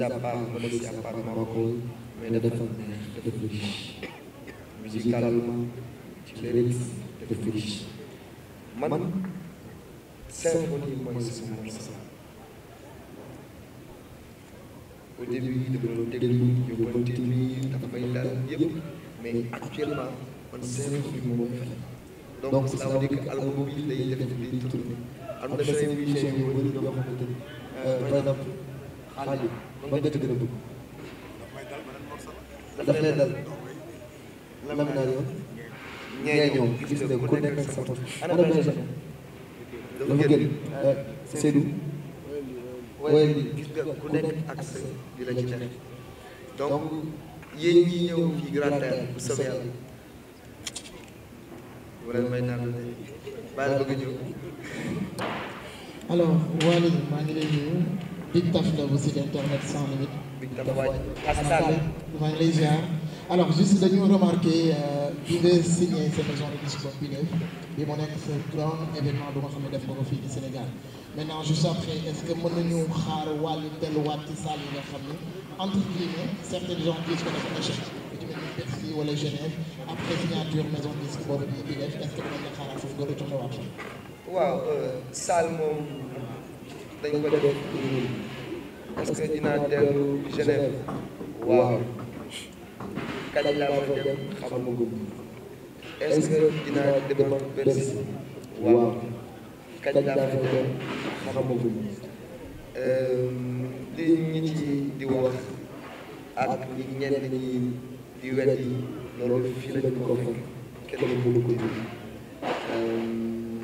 mis à part police à part Marocain mais dafa neex dafa riche musicalement ci lyrics dafa riche man symphonie mooy sama morceau au début dama doon déglu yóbbante bi dafa may dal yëpp mais actuellement man symphonie moom donc ça veut dire que album bi day def di tourner am na cinq musiciens yu bëri yoo xamante ni par exemple xaalis gën a dugg daf lay dal lan naa yow ngay ñëw gis ne ku nekk sa bopp ana benn sa dafa gën Seydou gis nga ku nekk ak sa di ci tere donc yéen ñi ñëw fii Grand Théâtre bu soobee yàlla wala may naan baal bëgg ñëw alors Waly maa ngi lay nuyu Big Taf la bu site internet sans limite. Big Taf Assane maa ngi lay ziar. alors juste dañu remarqué euh, bi nga signé sa maison de discipline bi neuf bi mu nekk sa grand événement bu nga xam ne def nga ko fii ci Sénégal maintenant juste après est-ce que mën nañu xaar wàllu delluwaat ci salle yi nga xam ne entre guillemets certaines gens disent que dafa échec lu ci mel ni Bercy wala après signature maison de disque boobu est-ce que mën nga xaaraat foofu nga retourné waat. waaw euh, salle dañ ko def pour ñun parce que dinaa dellu waaw kañ laa fa dem xamuma ko est-ce demal Bercy waaw kañ laa fa dem xamuma ko li ñi ci di wax ak ñi ñenn ñi di weddi loolu fii lañ ko fekk kenn mënu ko dindi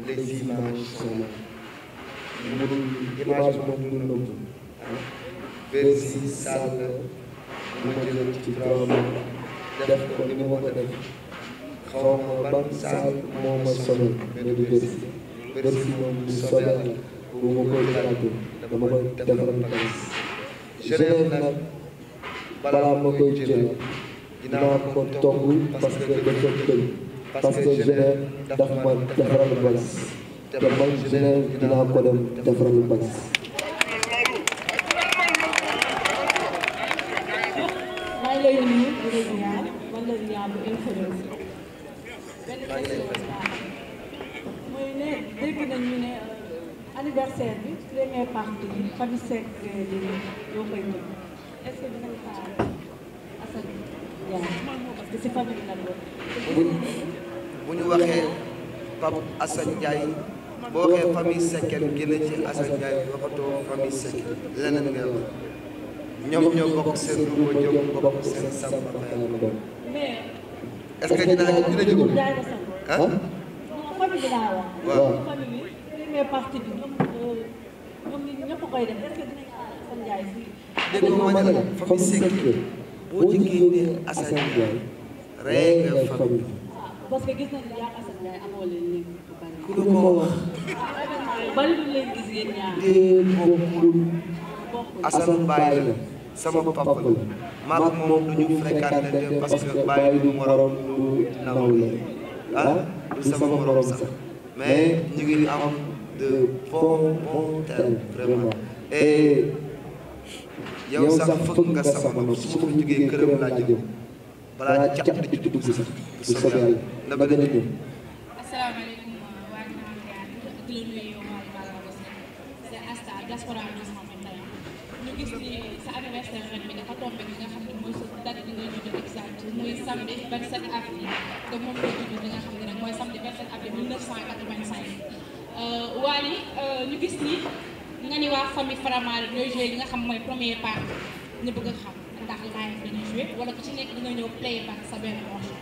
les images sont là mënul image boobu mënul ma jëloon ci travail ko ni ma ko def xaw ma ban Sall moo ma sonal mais du ko togg parce que dafa tëj parce defaral place te man beneen dinaa ko dem defaral lu baax. maa ngi lay nuyu mooy ne dégg nañu ne anniversaire bi première partie bi Fatou Seck di yoo koy tëgg est-ce que dinañ xaar Assane Diagne parce que si famille la bu ñu waxee Pape Assane Ndiaye boo waxee famille Secken génne ci Assane Ndiaye waxatoo famille Secken leneen nga wax ñoom ñoo bokk seen Louga jóg bokk seen Samba Faye ko est-ce que dina ne la famille Secken nga famille parce que gis ko wax. bari lu leen gis yéen ñaar. déet la sama papa la. maag moom du ñu fréquenté parce que Mbaye du morom du nawle ah, ah du sama morom sax mais ñu ngi am de bon bon terme vraiment et yow sax fëgg nga sama bopp su jógee këram laa jëm. balaa ñu jàpp di ci si sax bu soobee yàlla na gën a ñëw. asalaamaaleykum waa Ndamaar di la nuyu Waly Ballago Seck c'est Asta diaspora deux cent vingt et un ñu gis ni sa anniversaire ren bi dafa tombé bi nga xam ne mooy sa date bi nga judd exact muy samedi nga xam ne nag euh, euh, ñu gis ni nga ni waa famille Faramaré ñooy joué li nga xam mooy premier part ñu bëgg a xam. ndax live bi ku ci nekk di play back sa benn morceau.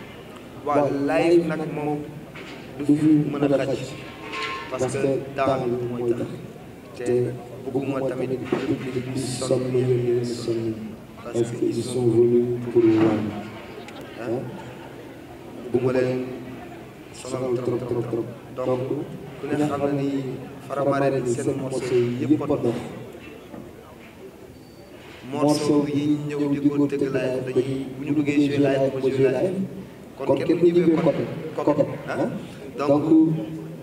waaw live nag moom du fi a xaj parce que daanu mooy tax te bëgguma tamit public bi sonn yéen yéen sonn parce que ils leen sonal trop trop donc ku ne xam na ni Faramareen seen morceau yi yëpp a dox. morceau yi ñëw di ko tëgg live dañuy ñu duggee jouer live ma jouer live kon kenn bu ñëwee côté côté ah donc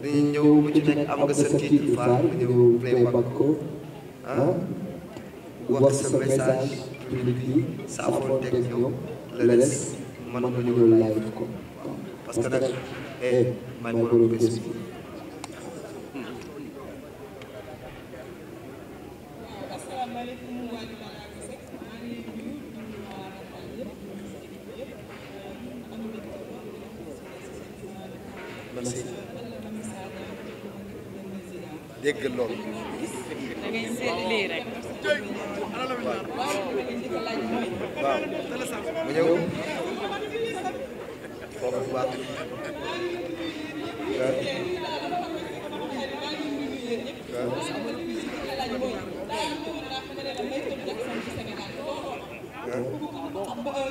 dañuy ñëw ku nekk am nga sa titre phare nga ñëw playback ko ah wax sa message public bi sa afonteeg yow la les mën nga ñëw live ko parce que nag eh, eh may borom bés bi sëy dégg loolu waaw mu ñëw foofu baax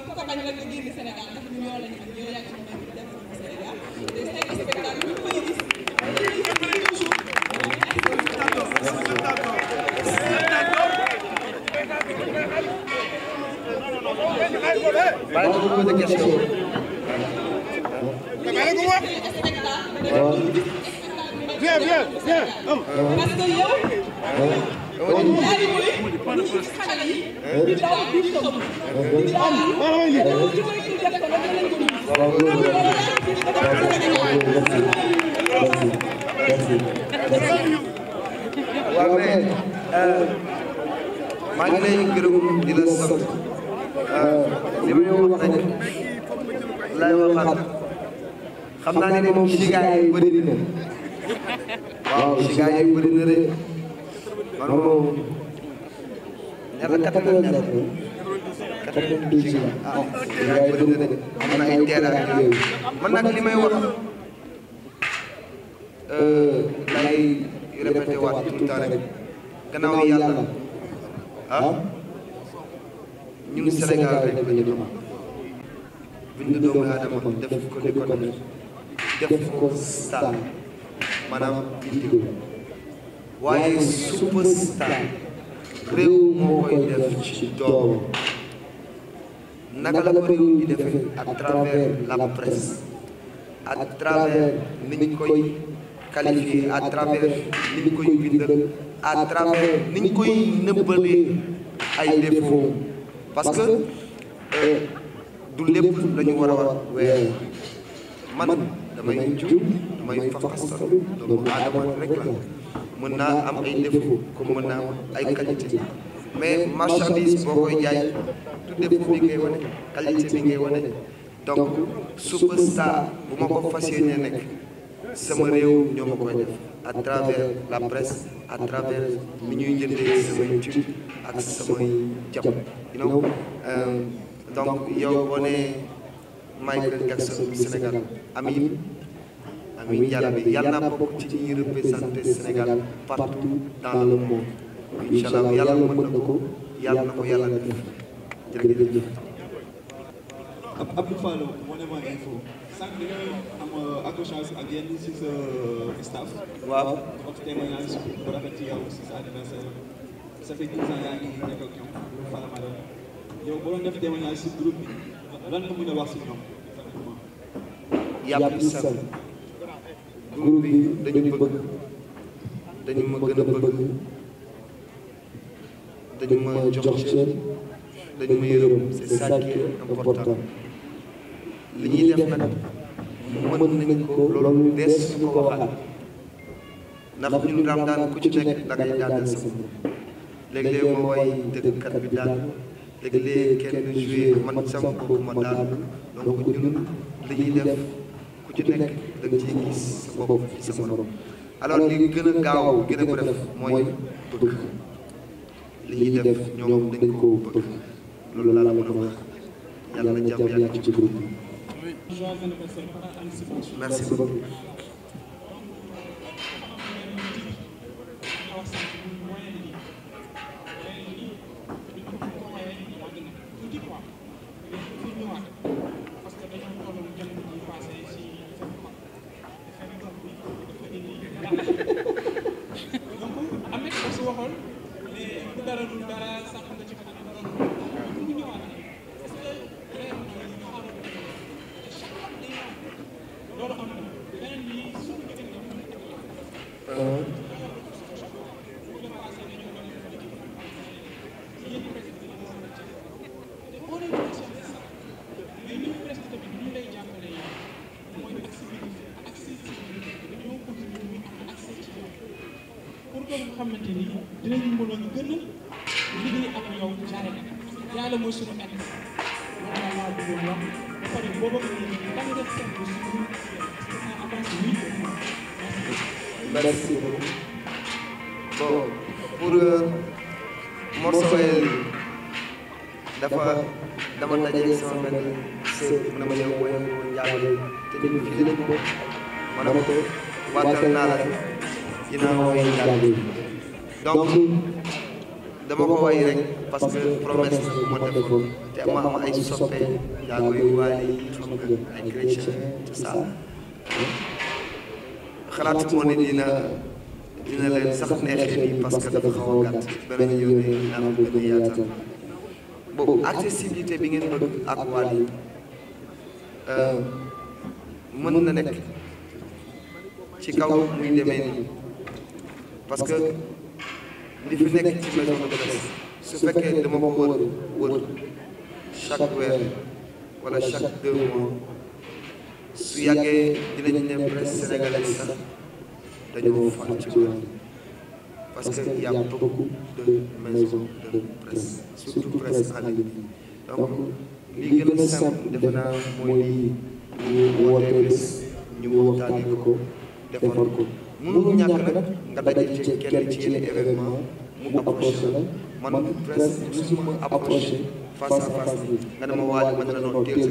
ko ko bañ la nga génn Sénégal ndax ñoo lañu am ñoo yàgg parce que yow. ñaari mooy ñu gis xale yi. di daw di tëb. di daw di tëb loolu ci mooy def ko lan lañ ko dund. loolu la la waaw mais maa ngi lay gërëm di la sant euh, li ma ñëw wax rek laay waxaat xam naa ne moom ci gars yi bëri na. waaw si gars yi bëri man moom nekk quatre-vingt-dix la quatre si gars yi bëri na de am na man nag li wax lay euh, euh, répété waat tout le temps rek gannaaw yàlla ah? ah? ñun Sénégal rek lañu doomu aadama def ko ni def def ko sàll madame Bintou waaye superstar réew moo koy def ci doom naka la ko réew di defee à la presse à travers koy qualifié à travers koy bindal à travers koy nëbbalee ay défaut parce que euh, du lépp lañu ñu war a weer man damay jub damay faxasal doomu aadama rek la mën naa am ay défaut comme mën naa am ay qualité mais marchandise boo koy jaay du défaut bi ngay wane qualité bi ngay wane donc superstar bu ma ko fas nekk sama réew ñoo ma koy def à travers la presse à travers mi ñuy jëndee samay tube ak samay jàpp you know euh, donc yow boo nee Michael Jackson Sénégal Amin muy Diarra bi yàlla na bokk ci ñi représenté Sénégal partout dans le monde incha allah yàlla mën na ko yàlla na ko yàlla def jërëjëf. Abdou Fall Moneyma Info sànq dañoo am euh, accrochage ak yenn si wax si sa anniversaire ça fait groupe bi dañu bëgg dañu ma gën a bëgg dañu ma jox li ñuy def nag mën nañ ko loolu dees suñu ko waxal ndax ñun raam daan ku ci nekk da ngay daaneel sa léeg-léeg ma woy dëggkat bi daal léeg-léeg kenn joué man sama bopp ma daal donc ñun li ñuy def ku ci nekk da ci ciy gis sa bopp sa morom alors li gën a gaaw gën a ko def mooy bëgg li ñuy def ñoom dañ ko bëgg loolu laa la mën a wax yàlla na jàmm yàgg ci groupe bi merci beaucoup xamante ni dinañu mën a gën a liggéey ak yow jaare nag yàlla mooy suñu at man laa laa bëggoon wax ba pare booba nga ne da nga def seen bés bu avance bi merci beaucoup bon pour morceau yi dafa dama daje sama benn sëñ na ma ñëw woy njàngale te ñu fi dinañ ko ma ne ko waatal naa la dinaa woy njàngale donc dama ko way rek parce que promesse la bu te ma am ay soppe daa koy waale xam nga ay chrétien tout ça xalaatu moo ne dina dina leen sax neexee nii parce que dafa xaw a gàtt beneen ñëw ne dinaa ko gën a yaatal boobu accessibilité bi ngeen bëgg ak waal euh, euh, mën na nekk ci kaw muy demee nii parce que li fi nekk ci maison de presse su fekkee dama ko wër wër chaque weer wala chaque deux mois su yàggee dinañu ne presse sénégalaise sax dañoo far ci loolu parce que y a beaucoup de de presse surtout presse en ligne donc li gën a simple defe mooy lii ñu wootee bés ñu waxtaanee ko defar ko. mënul ñàkk nag nga daje ci kenn ci yenn événement mu approché la man presque musuma approché face à face bi nga ne ma waaj ma dana doon teel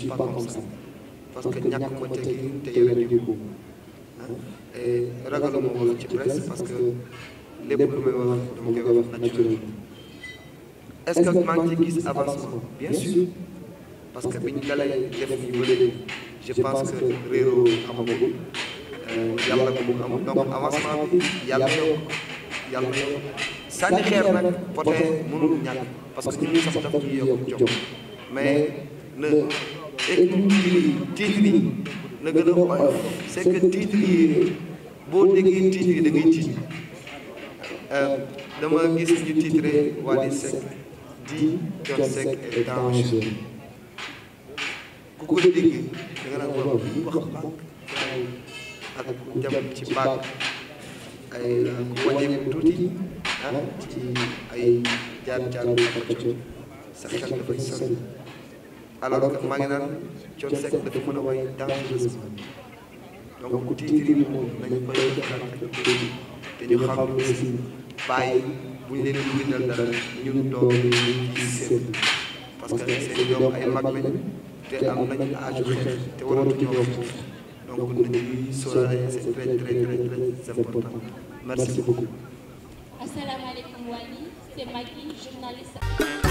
si dama je parce que ñàkk ko teggin te yewee di ko ah ah et ragaluma wax ci presse parce que lépp lu may wax dama koy wax naturellement est-ce que maa ngi ciy gis avancement bien sûr parce que biñ dalay def nii ba je pense que réeroo amagul yàlla ko donc avancement yàlla yokk yàlla yokk sànni xeer nag pote mënul ñàkk parce que ñun sax daf ñuy yokk jox mais na étui titre na gën a oyof c'est que titre yi boo déggee titre yi da ngay euh, dama gis ñu titré Wally Seck dit Thione Seck est dangereux ku ko dégg da nga naan wax wax ak jam ci baat ay euh, wàññeeku tuuti ah, ay jaan-jaan ko ci sa xel dafay sonn alors maa ngi naan Thione Seck dafa mën a way dangereusement donc tiitiri moom nañu koy xalaat ak tuuti te ñu xam bàyyi bu ñu leen di windal dara ñun doom yi ñu seen que seen doom ay mag lañ te am nañu âge xeex te waratuñoo foofu Donc nous devons soirée, c'est très, très, très, très important. Merci beaucoup. Assalamu alaikum Wali, c'est Maggie, journaliste.